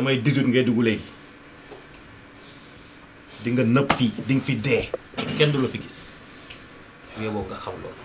samay 18 ngay duggule léegi di nga nëb fii dinga fi dee kenn du la fi gis yow boobu nga xam loolu.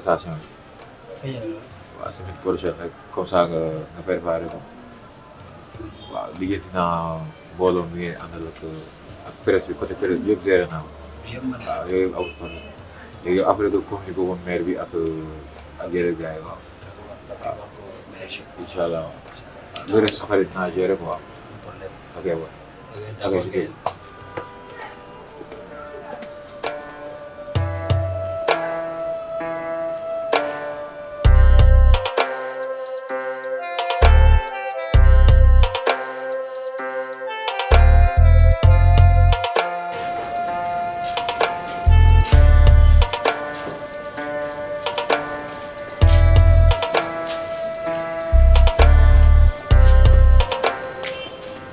manifestation yi. waaw semaine comme ça nga nga préparé ko. liggéey dinaa mbooloo mi ngi ak ak bi côté presse bi yëpp géré naa waaw après que communiqué ko bi ak ak yeneen gars yi waaw. waaw incha allah waaw. loolu rek sax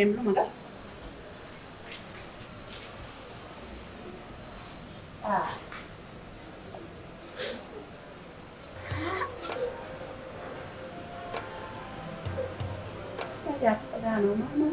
Problem lumagap. Ah. Kaya, pagano naman.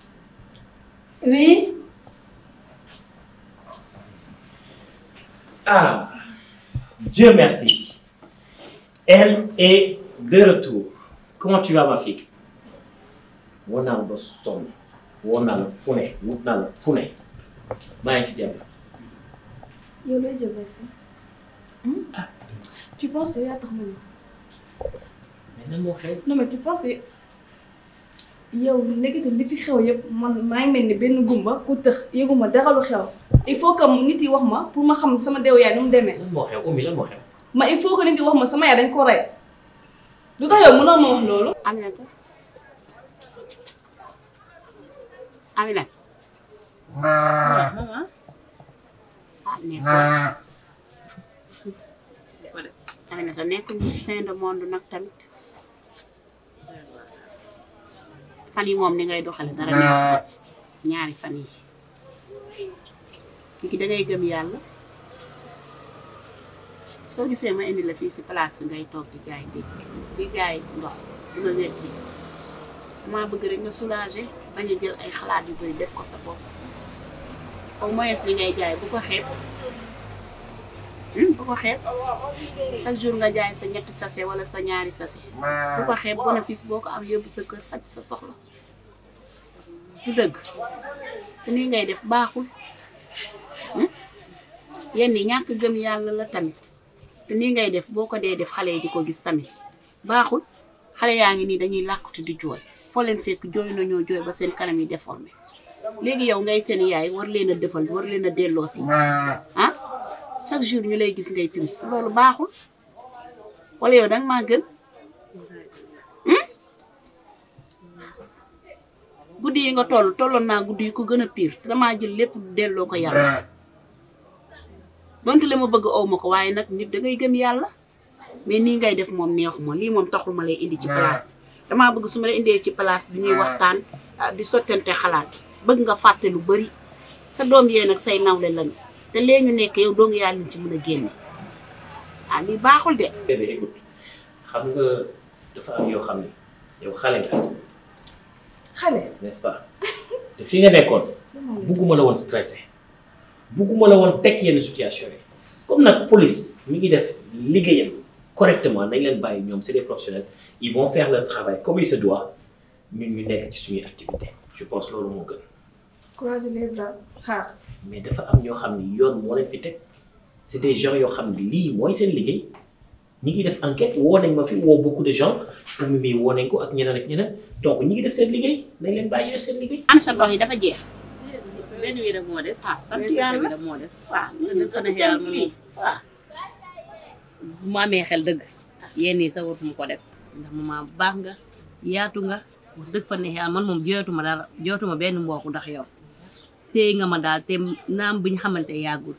Oui Alors, Dieu merci. Elle est de retour. Comment tu vas, ma fille On a le son. On a le fouet. On a le fouet. Bah, tu dis Il y a Dieu merci. Tu penses qu'il y a trop de Non, mais tu penses que. yow nekkati li fi xew yëpp man maa ngi mel ni benn gumba ku tëx yëguma dara lu xew il faut que nit yi wax ma pour ma xam sama deew yaay nu demee. ma il faut que nit yi wax ma sama yaay dañ ko rey lu tax yow mënoo ma wax loolu. Aminata Aminata. ah nekkul Aminata nekkul nag tamit. fan yi moom ni ngay doxale dara ñaar ah. ñaari fan yi léegi da gëm yàlla soo gisee ma indi la fii si place bi ngay toog di jaay di di jaay ndox di ma wér maa bëgg rek nga soulager bañ a jël ay xalaat yu bëri def ko sa bopp au moins li ngay jaay bu ko xeeb bu hmm. ko xeeb chaque jour nga jaay sa ñetti sachet wala sa ñaari sachet bu ko xeeb bénéfice boo ko am yóbbu sa kër faj sa soxla du dëgg te nii ngay def baaxul yenn yi gëm yàlla la tamit te nii ngay def boo ko def xale yi di nah. ko hmm? ya, ya, gis tamit baaxul xale yaa ngi dañuy làkkuti di joy foo leen fekk jooy nañoo jooy ba seen kanam yi déformé léegi yow ngay seen yaay war leen defal war leen a delloo si nah. chaque jour ñu lay gis ngay triste loolu baaxul wala yow danga maa gën hmm? guddi yi nga toll tolloon naa guddi yi ko gën a pire te damaa jël lépp delloo ko yàlla donte la ma bëgg aw ma ko waaye nag nit da gëm yàlla mais nii ngay def moom neexu ma lii moom taxul ma lay indi ci place damaa bëgg su ma lay indee ci place bi ñuy waxtaan ah, di sottante xalaat bëgg nga fàtte lu bari sa doom yee nag say nawle lañu te léñu yow ci ah bébé écoute xam nga dafa am yo yow nga. n'est-ce pas la stressé bugguma la situation comme police mi ngi def correctement nañ professionnels ils vont faire leur travail comme il se doit ñun ñu nekk ci activité je pense loolu croiser les bras xaar. mais dafa am ñoo xam ne yoon moo leen fi teg c'est des gens yoo xam ne lii mooy seen liggéey ñi ngi def enquête woo nañ ma fi woo beaucoup de gens pour woo nañ ko ak ñeneen ak ñeneen donc ñi ngi def seen liggéey nañ leen bàyyi seen liggéey. ana sa ndox yi dafa jeex. benn wi rek moo des. ah moo des. Ah, waaw loolu dafa neex yàlla moom waaw. Ah. bu ma amee xel dëgg yenn yi sa mu ko def. ndax maman baax nga yaatu nga wax dëgg fa neex yàlla man moom jooyatuma dara jooyatuma benn mbokk ndax yow. téye nga ma daal te naam bi ñu xamante yàggul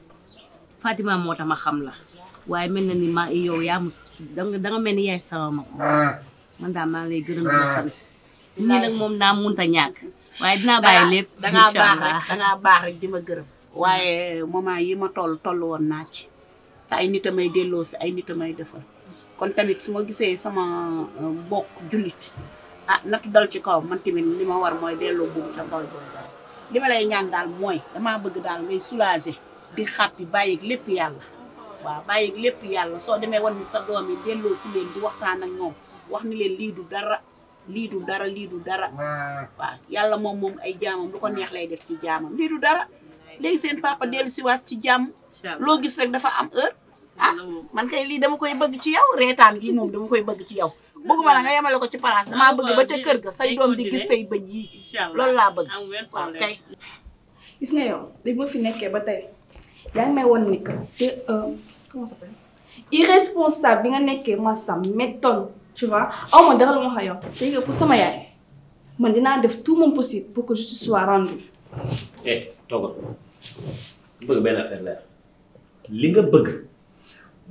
Fatima moo tax ma xam la waaye mel na ni ma yow yaa mus da mel ni yaay sama ma ko ah. man daal maa ngi lay la ah. sant. ñii nag moom naa munta ñàkk waaye dinaa da baax rek di ma gërëm. waaye moment yi ma toll toll woon naa ci te ay nit a may delloo si ay nit may defal kon tamit su ma gisee sama uh, mbokk jullit ah natu dal ci kaw man tamit li ma war mooy delloo buum ca kaw li ma lay ñaan daal mooy damaa bëgg daal ngay soulager di xàppi bàyyi ak lépp yàlla waaw bàyyi lépp yàlla soo demee wan ni sa doom yi delloo si leen di waxtaan ak moom wax ni leen lii du dara lii du dara lii du dara waaw yàlla moom moom ay jaamam lu ko neex lay def ci jaamam lii du dara léegi seen papa dellu si waat ci jàmm loo gis rek dafa am heure ah man kay lii dama koy bëgg ci yow reetaan gi moom dama koy bëgg ci yow bëgguma la nga yemale ko ci place damaa bëgg ba ca kër ga say doom di say bëñ yii loolu laa bëgg waaw kay gis nga yow nekkee ba tey yaa ngi woon ni euh, bi nga nekkee ma ça m'étonne sama yaay man def tout mon la eh, li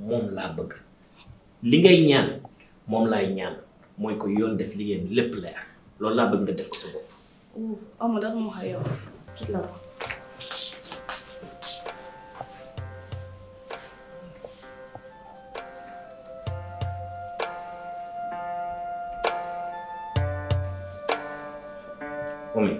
moom laa bëgg li ñaan moom laay ñaan mooy ko yoon def liggéeyam lépp leer loolu laa bëgg nga def ko sa bopp. amul dara mu xayma la Homem.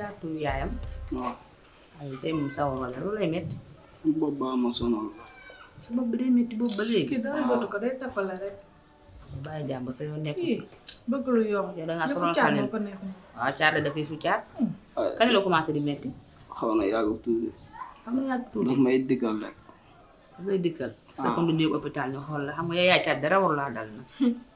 caatu yaayam. waaw. waaye tey moom sawa wala lu lay métti. bopp ba ma sonal. ba léegi. kii dara jotu ko day tappale rek. bàyyi jàmb sa yoon nekk ci. bëgg da ngaa sonal xale ko nekk. waaw ah, caat la dafay fu caat. Hmm. kañ la commencé di métti. may diggal rek. daf may diggal. Ah. sa kon du ñu xool la xam nga yaay caat dara warul laa dal na.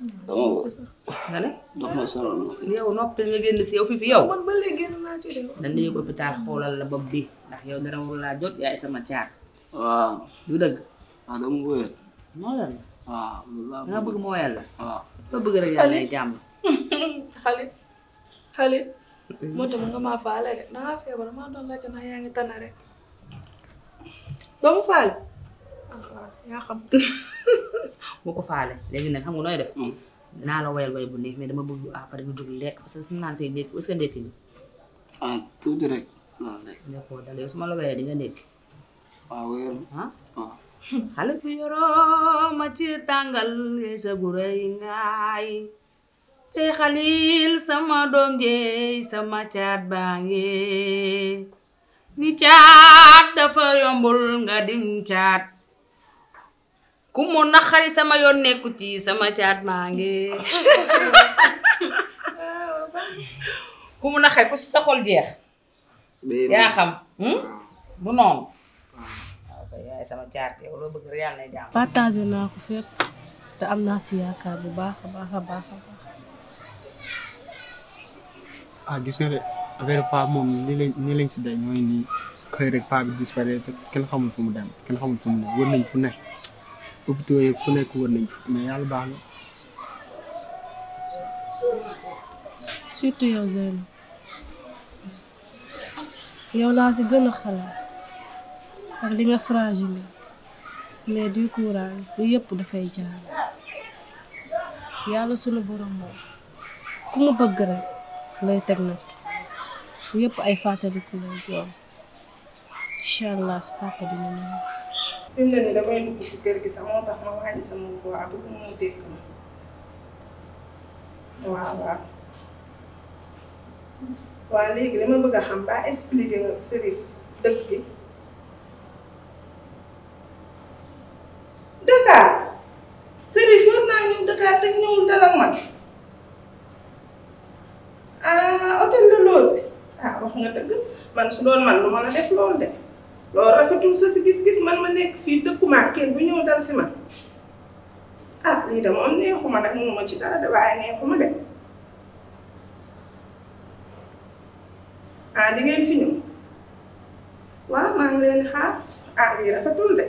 nga ne dox na solo yow noppal nga génn si yow fi fi yow man ba léegi génn naa ci de dañ lay yóbbu hôpital xoolal la bopp bi ndax yow dara warul laa jot yaay sama caar waaw du dëgg ah dama wóyal moo la waaw nga bëgg moo yàlla waaw ba bëgg rek yàlla lay jàmm xale xale moo tax nga moo ko faale léegi nag xam nga noy def mm. dinaa la wayal way bu neex mais dama bëgg après nga jóg lek parce que sama naan nek est-ce que ndékki nga ah tout rek non nek d'accord dalé suma la wayé di nga nek waaw wéer ah waaw xale bu yoro ma ci tangal sa bu rëy ngaay te khalil sama dom jeey sama chat bangé ngi ni caat dafa yombul nga dim chat ku mu naqari sama yoon nekku ci sama caat maa ngi ku mu naqari ku si sa xol jeex yaa xam hmm? bu noonu yaay sama caat yow loo naa ko fépp te am naa si yaakaar bu baax a baax a baax a ah, gis nga de affaire paa moom nii lañ nii lañ si day ñooy nii xëy rek paa bi disparaître kenn xamul fu mu dem kenn xamul fu mu ne wër nañ fu ne hôpitaux yeeg fu nekk wër nañ fa mais yàlla baax na. surtout yow Zeyna yow laa si gën a xalaat ak li nga fragile mais du courage lu yëpp dafay jaar yàlla sunu borom moom ku bëgg rek lay teg nag yëpp ay fàttaliku lay jox incha allah si papa dina ñëw fi mu ne nii damay dugg si kër gi sax moo tax ma wàññi sama voix bu mu dégg ma waaw Serif dëkk bi Dakar Serif yor naa ñëw Dakar man ah hôtel de Lozé ah wax nga dëgg man su doon man lu ma la def loolu de lo rafetul sa si gis-gis man ma nek fi dekk ma ken bu ñëw dal ci ma ah lii de moom neexuma nag ma ci dara de waaye neexuma de ah di ngeen fi ñu wa ma ngi leen xaar ah li rafetul de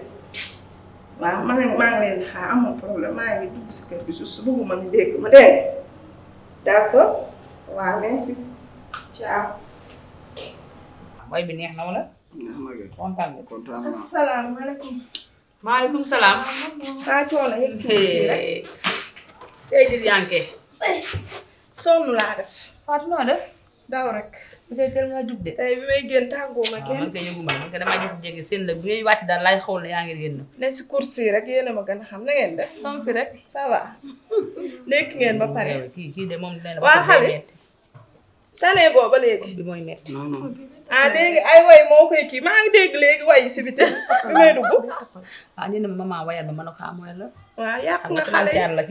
wa ma ngi ma ngi leen xaar amul problème ma ngi gitu. dugg ci kër bi su su bu ma ñu dégg ma dégg d'accord wa merci ciao. mooy bi neex na wala. kontaan kontaan naa asalaamaaleykum. maaleykum salaam. kaa coono yëg si rek. tey eh, laa def. Fatou noo def. daaw rek. bu tey teel de. tey bi may génn tàggoo ma ah, kenn. man kay yëguma seen la bi ngay wàcc daal laay xool ne yaa ngi génn. ne si course rek yéen a ma gën a xam na ngeen def. xam fi rek ça va. ngeen ba pare. kii kii de moom dina la. waa xale. tane bi mooy metti. ah léegi ay way moo koy kii maa ngi dégg léegi way si biti bi may dugg.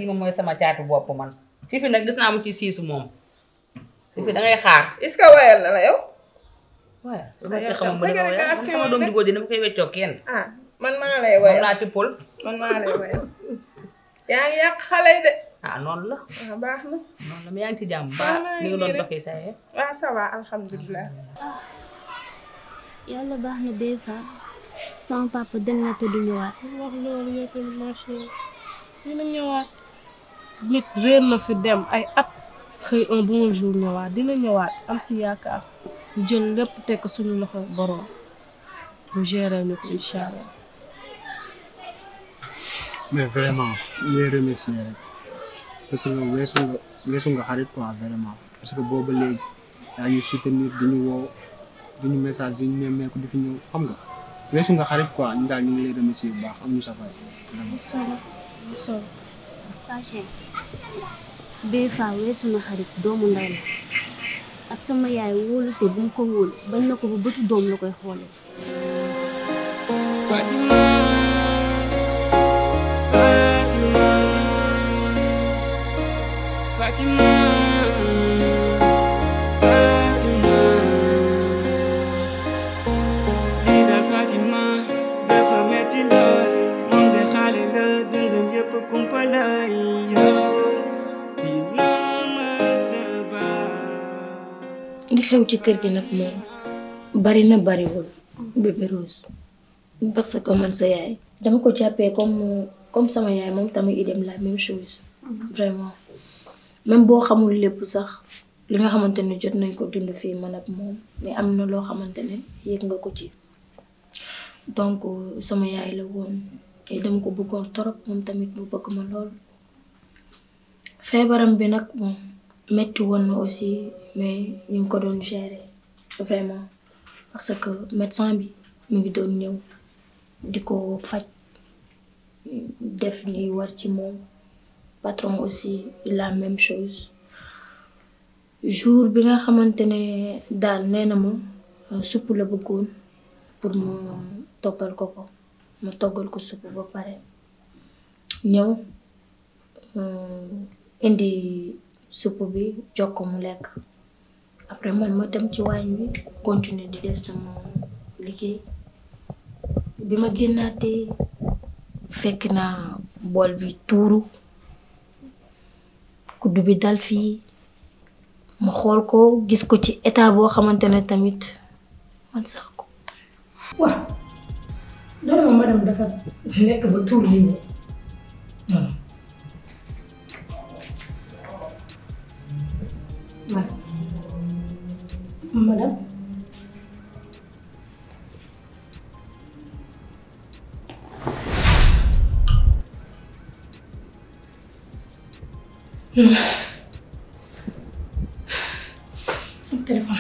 yi moom mooy sama caatu bopp man. fifi nag gis ci siisu moom. fifi xaar. est-ce que wayal na la yow. Ah, ma ah, man a lay wayal naa pol. xale yi ah, la. ah baax ci jàmm. baax na li nga doon doxee yàlla baax na des fois sama papa dem na te du ñëwaat. wax loolu yow tamit ma dina ñëwaat. nit réer na fi dem ay at xëy un bon jour ñëwaat dina ñëwaat am si yaakaar ñu jël lépp teg suñu loxo borom mu gérer ñu ko incha allah. mais vraiment ñu ngi remercier rek parce que weesu nga weesu nga xarit quoi vraiment parce que boobu léegi yaa ñu soutenir di ñu woo. duñu message duñu weesu nga xarit bu baax am ñu sa doomu ndaw ak sama yaay wóolute bu mu ko wóol bañ ko bu bëtu doom la koy xoolee. xew ci kër gi nag moom bari na bariwul bébé Rose parce que man sa yaay dama ko jàppee comme comme sama yaay moom tamit idem la même chose mhm. vraiment même boo xamul lépp sax li nga xamante ne jot nañ ko dund fii man ak moom mais am na loo xamante ne yëg nga ko ci donc sama yaay la woon et dama ko bëggoon torop moom tamit mu bëgg ma lool feebaram bi nag moom metti woon na aussi mais ñu ngi ko doon gérer vraiment parce que médecin bi mi ngi doon ñëw di ko faj def li war ci moom patron aussi la même chose jour bi nga xamante ne daal nee na ma euh, supp la bëggoon pour mu toggal ko ko ma toggal ko supp ba pare ñëw euh, indi supp bi jox ko mu lekk après man ma dem ci waañ bi continuer di def sama liggéey bi ma génnaatee fekk naa bool bi tuuru kudd bi dal fii ma xool ko gis ko ci état boo xamante ne tamit man sax ko waaw loolu ma madame dafa lekk ba tuur lii non hmm. Ouais. Madame Son téléphone.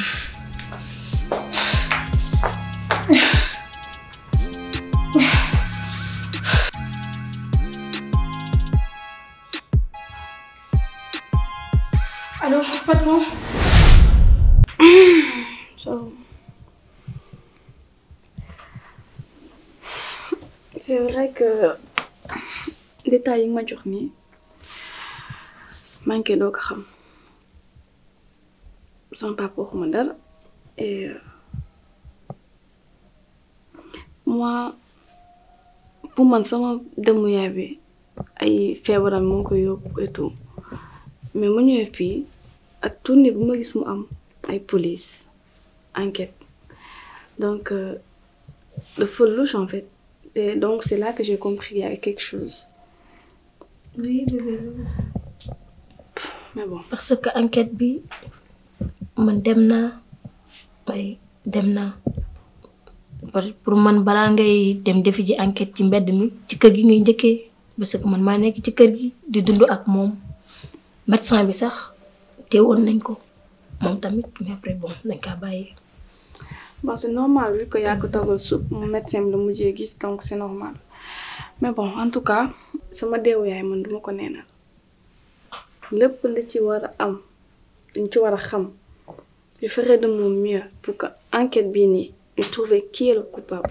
c'est vrai que détailler ma journée manque manqué doo ko xam sama papa et euh, moi pour man sama demu yaay bi ay feebaram mu ngi ko et tout mais mon ñëwee fii ak tournée bu ma gis mu am ay police enquête donc le euh, dafa louche en fait donc, c'est là que j'ai compris qu'il y avait quelque chose. Oui, bébé. mais bon. parce que enquête bi man demna Oui, demna pour man dem enquête parce que man ak médecin bi sax nañ ko tamit mais après bon Bon, c'est normal, vu que y a que mon médecin le mujjé gis, donc c'est normal. Mais bon, en tout cas, ça m'a dit, man je ne neenal. pas. li ci am, ci je ferai de mon mieux pour que l'enquête et et trouver qui est le coupable.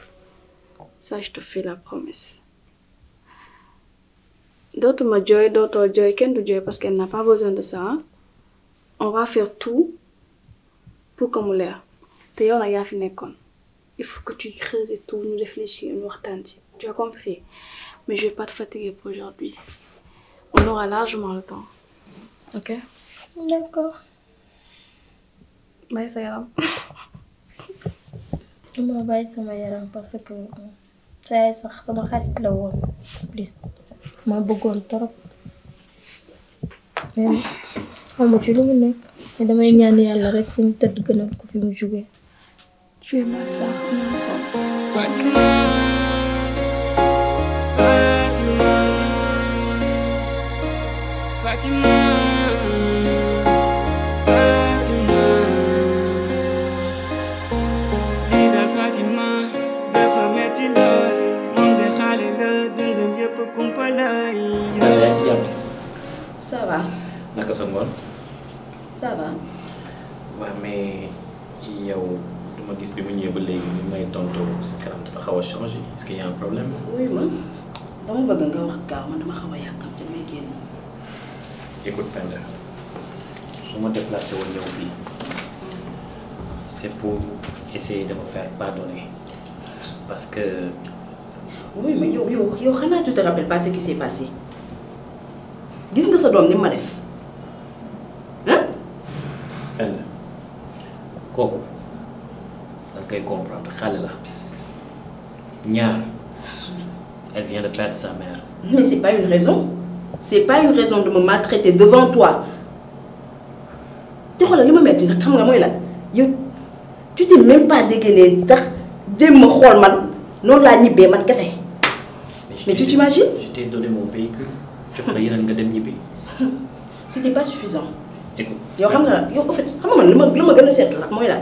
Ça, je te fais la promesse. D'autres me joy, d'autres joy, qu'elle nous joy parce qu'elle n'a pas besoin de ça. Hein. On va faire tout pour qu'on l'aie te yow nag yaa fi nekkoon il faut que tu creuses et tout ñu réfléchir ñu waxtaan ci tu as compris mais je vais pas te fatiguer pour aujourd'hui on aura largement le temps ok. d'accord. bàyyi sa yaram. ma bàyyi sama yaram parce que saa euh, ça sax sama xarit la woon plus ma bëggoon trop mais xamu ci lu mu nekk damay ñaan yàlla rek fu mu tëdd gënal ko fi mu jógee. de irmã Sarah Fatima. Fatima, Fatima, Lida Fatima, da famia tila, monde khalila, dundum yep kumpala iya. Ça va. Naka sa ngoon? Ça va. Waa mais yow ma gis bi ma ñëwee ba léegi li may tontu si kanam dafa xaw a changé est-ce qu'il y a un problème. oui man dama bëgg nga wax gaaw man dama xaw a yàkkam ci may génn. écoute Penda su ma déplacé woon ñëw fii c'est pour essayer de me faire pardonner parce que. oui mais yow yow yow xanaa tu te rappelles pas ce qui s'est passé gis nga sa doom ni ma def ah. Penda kooku. Qu'elle comprendre Khalela, ñaar elle vient de perdre sa mère. mais c'est pas une raison c'est pas une raison de me maltraiter devant toi Tu xoolal li ma metti nag xam nga mooy tu t'es même pas dégainé tax jéem ma xool man Non la ñibbee man kese. mais tu t'imagines. je t'ai donné mon véhicule. Tu croyais yeneen nga dem ñibbi. c'était pas suffisant. écoute yow xam ben- nga yow en fait xam nga man li ma li ma gën a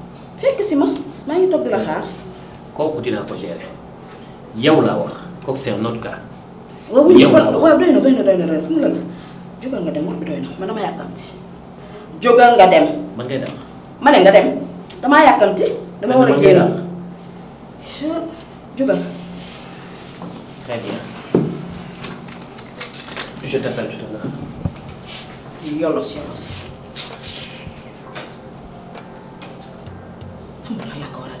fekk si ma maa ngi toog di la xaar. kooku dinaa ko gérer yow laa wax kooku c'est un autre cas. yow laa wax waaw doy na doy na doy na doy na xam nga la jógal nga dem wax doy na ma nga dem. man ma ne nga dem damaa yàkkamti. dama war a génn. jógal. No la cola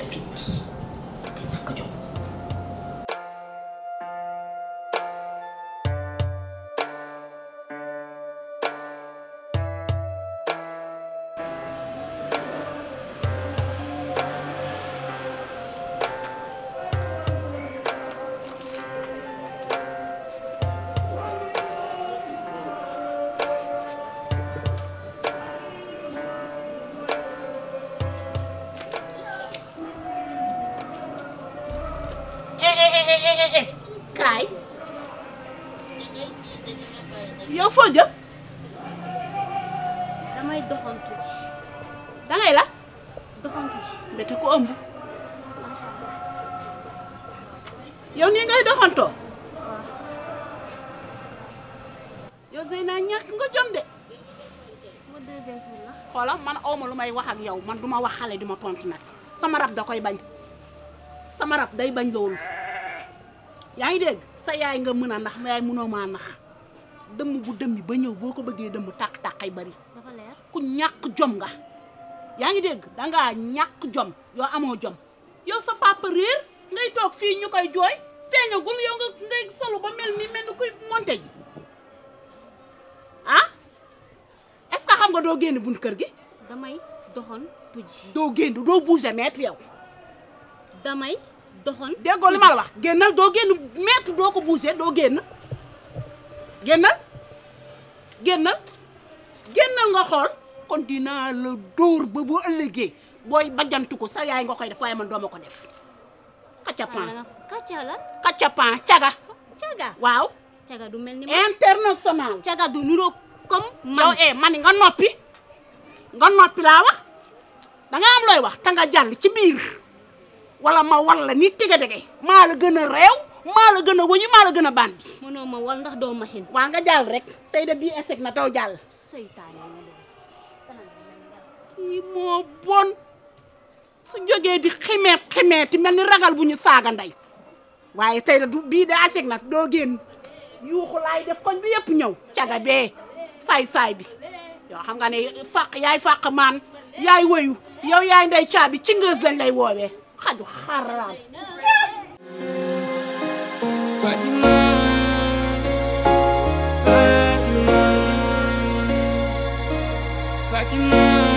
may wax ak yow man du ma wax xale di ma tontu nag sama rab da koy bañ sama rab day bañ loolu yaa ngi dégg sa yaay nga mën a nax ma yaay mënoo maa nax dëmm bu dëmmi ba ñëw boo ko bëggee dëmm takk tàq ay bari ku ñàkk jom nga yaa ngi dégg dangaa ñàkk jom yoo amoo jom yow sa papa réer ngay toog fii ñu koy jooy feeñagul yow nga ngay solu ba mel ni mel ni kuy monte ji ah est que xam nga doo génn bun kër gi doxantu ji. doo génn doo bouger mètre yow. damay doxantu ji déggoo li génnal doo génn mètre doo ko bouger doo génn génnal génnal génnal nga xool. kon dinaa la dóor ba boo ëllëgee booy bajantu ko sa yaay nga koy def waaye man dooma ko def. kacapan la kacapan caga. caga waaw. caga du mel ni caga du nuroo comme man yow eh man nga noppi. nga noppi laa wax da nga am loy wax ta nga jall ci bir wala ma wal la ni tege tege ma la gëna a ma la gëna a wëñu la gëna bandi mëno ma wal ndax do machine wa nga jall rek tay da bi échec na taw jàll seytaane kii mo bon su joge di xime xime ti melni ragal buñu saga nday waye tay da bi da bii na do génn yu xulay def koñ bi yep ñew caga be say say bi yoo xam nga ne fàq yaay fàq maan yaay wëyu yow yaay nday caa bi ci ngëes lañ lay woowee xaju xaraam Fatima, Fatima, Fatima.